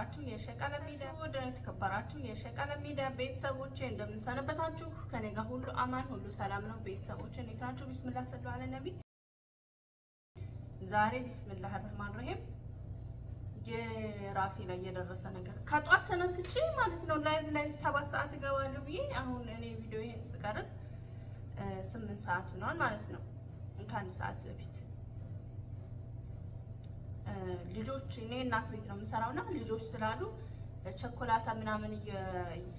የተከበራችሁ የሸቀለ ሚዲያ ወደ የተከበራችሁ የሸቀለ ሚዲያ ቤተሰቦች እንደምንሰነበታችሁ፣ ከኔ ጋር ሁሉ አማን ሁሉ ሰላም ነው። ቤተሰቦች እንዴት ናችሁ? ቢስሚላ ሰሉ አለ ነቢ። ዛሬ ቢስሚላህ ረህማን ረሂም የራሴ ላይ የደረሰ ነገር ከጧት ተነስቼ ማለት ነው ላይቭ ላይ ሰባት ሰዓት እገባለሁ ብዬ አሁን እኔ ቪዲዮ ይሄን ስቀርጽ ስምንት ሰዓት ሆኗል ማለት ነው ከአንድ ሰዓት በፊት ልጆች እኔ እናት ቤት ነው የምሰራው እና ልጆች ስላሉ ቸኮላታ ምናምን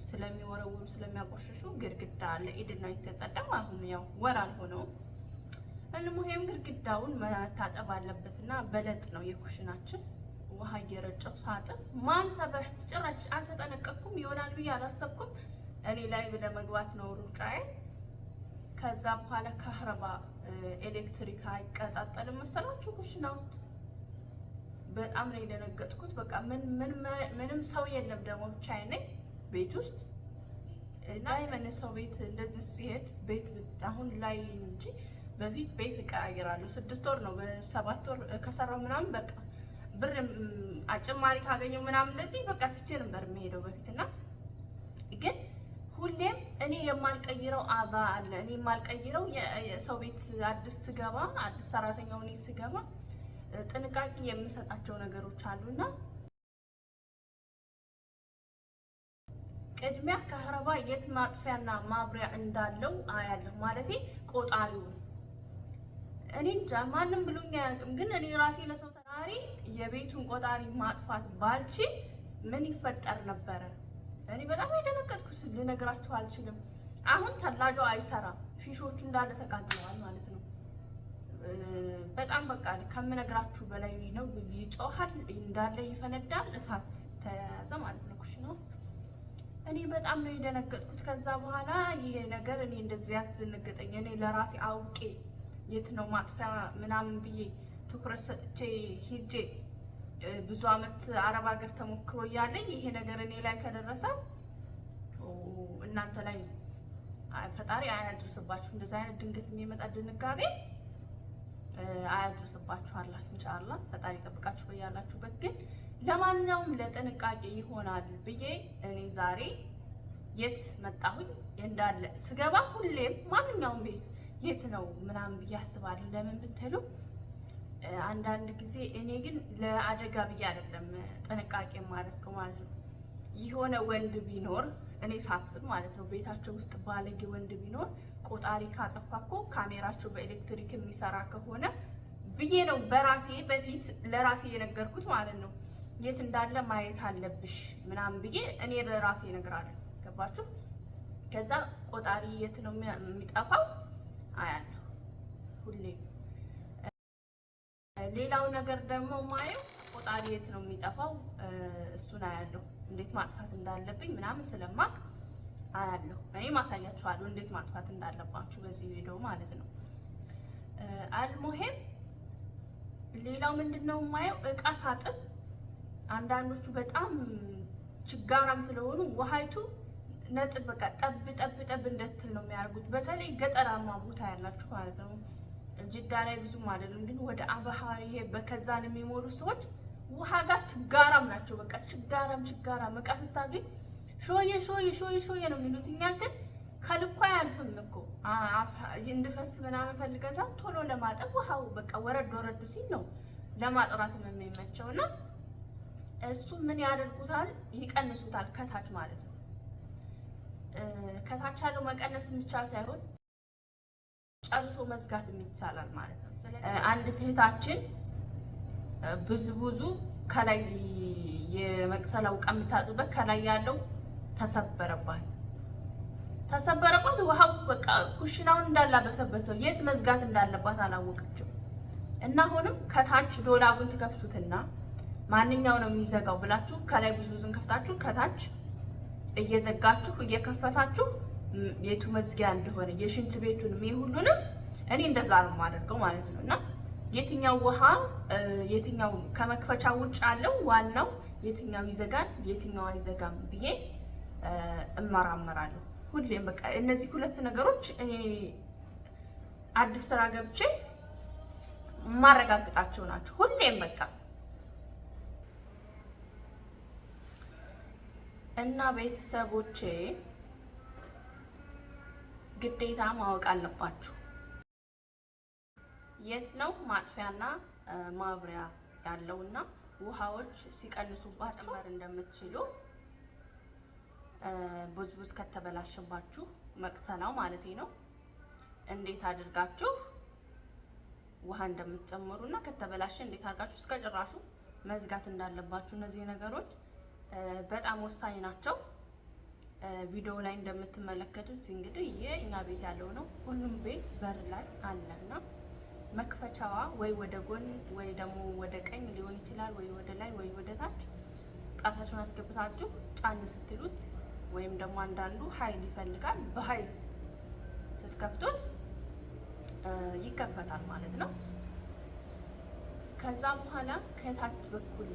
ስለሚወረውሩ ስለሚያቆሽሹ ግድግዳ ኢድ ነው የተጸዳው። አሁን ያው ወር አልሆነው እንሙሄም ግድግዳውን መታጠብ አለበት እና በለጥ ነው የኩሽናችን ውሃ እየረጨው ሳጥን ማን ተበህት ጭራሽ አልተጠነቀቅኩም። ይሆናል ብዬ አላሰብኩም። እኔ ላይ ለመግባት ነው ሩጫዬ። ከዛ በኋላ ከህረባ ኤሌክትሪክ አይቀጣጠልም መሰላችሁ ኩሽና ውስጥ በጣም ነው የደነገጥኩት። በቃ ምንም ሰው የለም ደግሞ ብቻዬን ነኝ ቤት ውስጥ እና የመነ ሰው ቤት እንደዚህ ሲሄድ ቤት አሁን ላይ እንጂ በፊት ቤት እቀያየራለሁ። ስድስት ወር ነው በሰባት ወር ከሰራው ምናምን በቃ ብር አጭማሪ ካገኘው ምናምን እንደዚህ በቃ ትቼ ነበር የሚሄደው በፊት እና ግን ሁሌም እኔ የማልቀይረው አባ አለ እኔ የማልቀይረው የሰው ቤት አዲስ ስገባ አዲስ ሰራተኛው እኔ ስገባ ጥንቃቄ የምሰጣቸው ነገሮች አሉና ቅድሚያ ከህረባ የት ማጥፊያና ማብሪያ እንዳለው አያለሁ። ማለት ቆጣሪው እኔ እንጃ ማንም ብሎኝ አያውቅም፣ ግን እኔ ራሴ ለሰው ተናሪ የቤቱን ቆጣሪ ማጥፋት ባልችል ምን ይፈጠር ነበረ? እኔ በጣም የደነገጥኩት ልነግራችሁ አልችልም። አሁን ተላጇ አይሰራም፣ ፊሾቹ እንዳለ ተቃጥለዋል ማለት ነው። በጣም በቃ ከምነግራችሁ በላይ ነው። ይጮሃል፣ እንዳለ ይፈነዳል። እሳት ተያያዘ ማለት ነው ኩሽና ውስጥ። እኔ በጣም ነው የደነገጥኩት። ከዛ በኋላ ይሄ ነገር እኔ እንደዚህ ያስደነገጠኝ እኔ ለራሴ አውቄ የት ነው ማጥፊያ ምናምን ብዬ ትኩረት ሰጥቼ ሂጄ ብዙ አመት አረብ ሀገር ተሞክሮ እያለኝ ይሄ ነገር እኔ ላይ ከደረሰ እናንተ ላይ ፈጣሪ አያድርስባችሁ። እንደዚ አይነት ድንገት የሚመጣ ድንጋጤ አያድርስባችሁ አላህ ፈጣሪ ይጠብቃችሁ በያላችሁበት። ግን ለማንኛውም ለጥንቃቄ ይሆናል ብዬ እኔ ዛሬ የት መጣሁኝ እንዳለ ስገባ ሁሌም ማንኛውም ቤት የት ነው ምናምን ብዬ አስባለሁ። ለምን ብትሉ አንዳንድ ጊዜ እኔ ግን ለአደጋ ብዬ አይደለም ጥንቃቄ ማድረግ ማለት ነው የሆነ ወንድ ቢኖር እኔ ሳስብ ማለት ነው ቤታቸው ውስጥ ባለጌ ወንድ ቢኖር ቆጣሪ ካጠፋ እኮ ካሜራቸው በኤሌክትሪክ የሚሰራ ከሆነ ብዬ ነው በራሴ በፊት ለራሴ የነገርኩት ማለት ነው። የት እንዳለ ማየት አለብሽ ምናምን ብዬ እኔ ለራሴ እነግራለሁ። ገባችሁ? ከዛ ቆጣሪ የት ነው የሚጠፋው አያለሁ ሁሌ። ሌላው ነገር ደግሞ ማየው ቆጣሪ የት ነው የሚጠፋው እሱን አያለሁ። እንዴት ማጥፋት እንዳለብኝ ምናምን ስለማቅ አያለሁ። እኔ ማሳያችኋለሁ እንዴት ማጥፋት እንዳለባችሁ በዚህ ቪዲዮ ማለት ነው። አልሙሄም ሌላው ምንድን ነው የማየው እቃ ሳጥን አንዳንዶቹ በጣም ችጋራም ስለሆኑ ውሃይቱ ነጥብ በቃ ጠብ ጠብ ጠብ እንደትል ነው የሚያደርጉት። በተለይ ገጠራማ ቦታ ያላችሁ ማለት ነው። ጅዳ ላይ ብዙም አይደለም፣ ግን ወደ አባሃ ይሄ በከዛን የሚሞሉ ሰዎች ውሃ ጋር ችጋራም ናቸው። በቃ ችጋራም ችጋራም እቃ ስታገኝ ሾዬ ሾዬ ሾዬ ሾየ ነው የሚሉት። እኛ ግን ከልኳ አያልፍም እኮ እንድፈስ ምናምን ፈልገን ሳይሆን ቶሎ ለማጠብ ውሃው በቃ ወረድ ወረድ ሲል ነው ለማጥራት የሚመቸው እና እሱ ምን ያደርጉታል? ይቀንሱታል፣ ከታች ማለት ነው። ከታች ያለው መቀነስ ብቻ ሳይሆን ጨርሶ መዝጋትም ይቻላል ማለት ነው። አንድ ትህታችን ብዙ ብዙ ከላይ የመቅሰላው ዕቃ ከላይ ያለው ተሰበረባት ተሰበረባት። ውሃው በቃ ኩሽናውን እንዳላበሰበሰው የት መዝጋት እንዳለባት አላወቀችም። እና አሁንም ከታች ዶላቡን ትከፍቱትና ማንኛው ነው የሚዘጋው ብላችሁ ከላይ ብዙ ብዙን ከፍታችሁ ከታች እየዘጋችሁ እየከፈታችሁ የቱ መዝጊያ እንደሆነ የሽንት ቤቱንም ሁሉንም እኔ እንደዛ ነው የማደርገው ማለት ነው እና የትኛው ውሃ የትኛው ከመክፈቻ ውጭ አለው፣ ዋናው የትኛው ይዘጋል፣ የትኛው አይዘጋም ብዬ እመራመራለሁ። ሁሌም በቃ እነዚህ ሁለት ነገሮች እኔ አዲስ ስራ ገብቼ ማረጋግጣቸው ናቸው። ሁሌም በቃ እና ቤተሰቦቼ ግዴታ ማወቅ አለባችሁ። የት ነው ማጥፊያና ማብሪያ ያለውና ውሃዎች ሲቀንሱባችሁ መጨመር እንደምትችሉ ቡዝቡዝ ከተበላሸባችሁ መቅሰላው ማለት ነው። እንዴት አድርጋችሁ ውሃ እንደምትጨምሩና ከተበላሸ እንዴት አድርጋችሁ እስከ ጭራሹ መዝጋት እንዳለባችሁ እነዚህ ነገሮች በጣም ወሳኝ ናቸው። ቪዲዮ ላይ እንደምትመለከቱት እንግዲህ ይህ ቤት ያለው ነው። ሁሉም ቤት በር ላይ አለና መክፈቻዋ ወይ ወደ ጎን ወይ ደግሞ ወደ ቀኝ ሊሆን ይችላል፣ ወይ ወደ ላይ ወይ ወደ ታች ጣታችሁን አስገብታችሁ ጫን ስትሉት ወይም ደግሞ አንዳንዱ ኃይል ይፈልጋል። በኃይል ስትከፍቱት ይከፈታል ማለት ነው። ከዛ በኋላ ከታች በኩል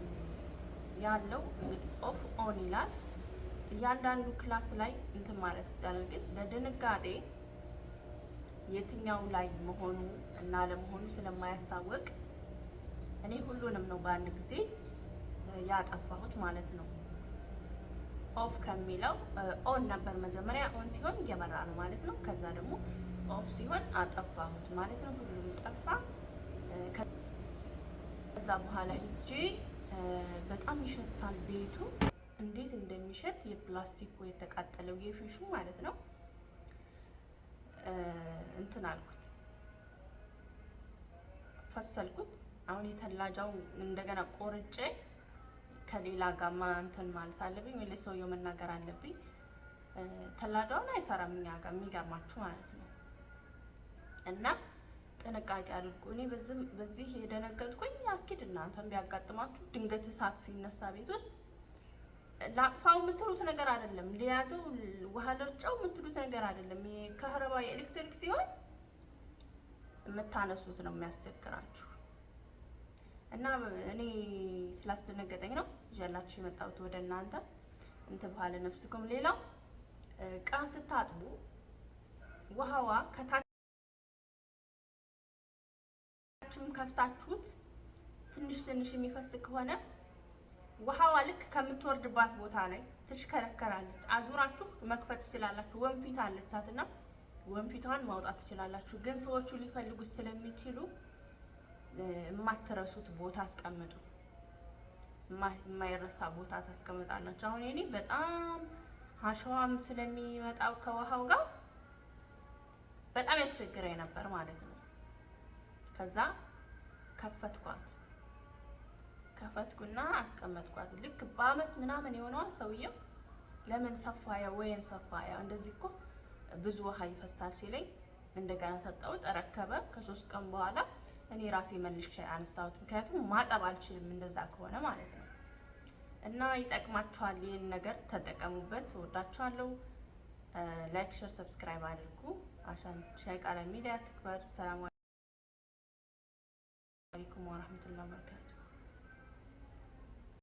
ያለው እንግዲህ ኦፍ ኦን ይላል። እያንዳንዱ ክላስ ላይ እንትን ማለት ይቻላል፣ ግን ለድንጋጤ የትኛው ላይ መሆኑ እና ለመሆኑ ስለማያስታወቅ እኔ ሁሉንም ነው በአንድ ጊዜ ያጠፋሁት ማለት ነው። ኦፍ ከሚለው ኦን ነበር መጀመሪያ። ኦን ሲሆን እየመራ ነው ማለት ነው። ከዛ ደግሞ ኦፍ ሲሆን አጠፋሁት ማለት ነው። ሁሉም ጠፋ። ከዛ በኋላ ሂጄ በጣም ይሸታል ቤቱ እንዴት እንደሚሸት የፕላስቲኩ የተቃጠለው የፊሹ ማለት ነው እንትን አልኩት ፈሰልኩት። አሁን የተላጃው እንደገና ቆርጬ ከሌላ ጋማ እንትን ማለት አለብኝ ወይ ለሰውየው መናገር አለብኝ። ተላጃውን አይሰራም እኛ ጋር የሚገርማችሁ ማለት ነው። እና ጥንቃቄ አድርጉ። እኔ በዚህ የደነገጥኩኝ አኪድ እናንተም ቢያጋጥማችሁ ድንገት እሳት ሲነሳ ቤት ውስጥ ላቅፋው የምትሉት ነገር አይደለም። ሊያዘው ውሃ የምትሉት ነገር አይደለም። ከህረባ የኤሌክትሪክ ሲሆን የምታነሱት ነው የሚያስቸግራችሁ። እና እኔ ስላስደነገጠኝ ነው ይዤላችሁ የመጣሁት ወደ እናንተ። እንትን ባለ ነፍስኩም ሌላው ዕቃ ስታጥቡ ውሃዋ ከታችም ከፍታችሁት ትንሽ ትንሽ የሚፈስ ከሆነ ውሃዋ ልክ ከምትወርድባት ቦታ ላይ ትሽከረከራለች። አዙራችሁ መክፈት ትችላላችሁ። ወንፊት አለቻትና ወንፊቷን ማውጣት ትችላላችሁ። ግን ሰዎቹ ሊፈልጉት ስለሚችሉ የማትረሱት ቦታ አስቀምጡ። የማይረሳ ቦታ ታስቀምጣላችሁ። አሁን እኔ በጣም አሸዋም ስለሚመጣው ከውሃው ጋር በጣም ያስቸግረኝ ነበር ማለት ነው። ከዛ ከፈትኳት። ከፈትኩና አስቀመጥኳት። ልክ በአመት ምናምን የሆነዋል ሰውየው ለምን ሰፋያ ወይን ሰፋያ እንደዚህ እኮ ብዙ ውሃ ይፈስታል ሲለኝ እንደገና ሰጠሁት። ተረከበ። ከሶስት ቀን በኋላ እኔ ራሴ መልሼ አነሳሁት። ምክንያቱም ማጠብ አልችልም እንደዛ ከሆነ ማለት ነው። እና ይጠቅማችኋል። ይህን ነገር ተጠቀሙበት። ወዳችኋለሁ። ላይክ፣ ሸር፣ ሰብስክራይብ አድርጉ። አሻን ሻይ ቃለ ሚዲያ ትክበር። ሰላም አለይኩም ወረህመቱላሂ ወበረካቱ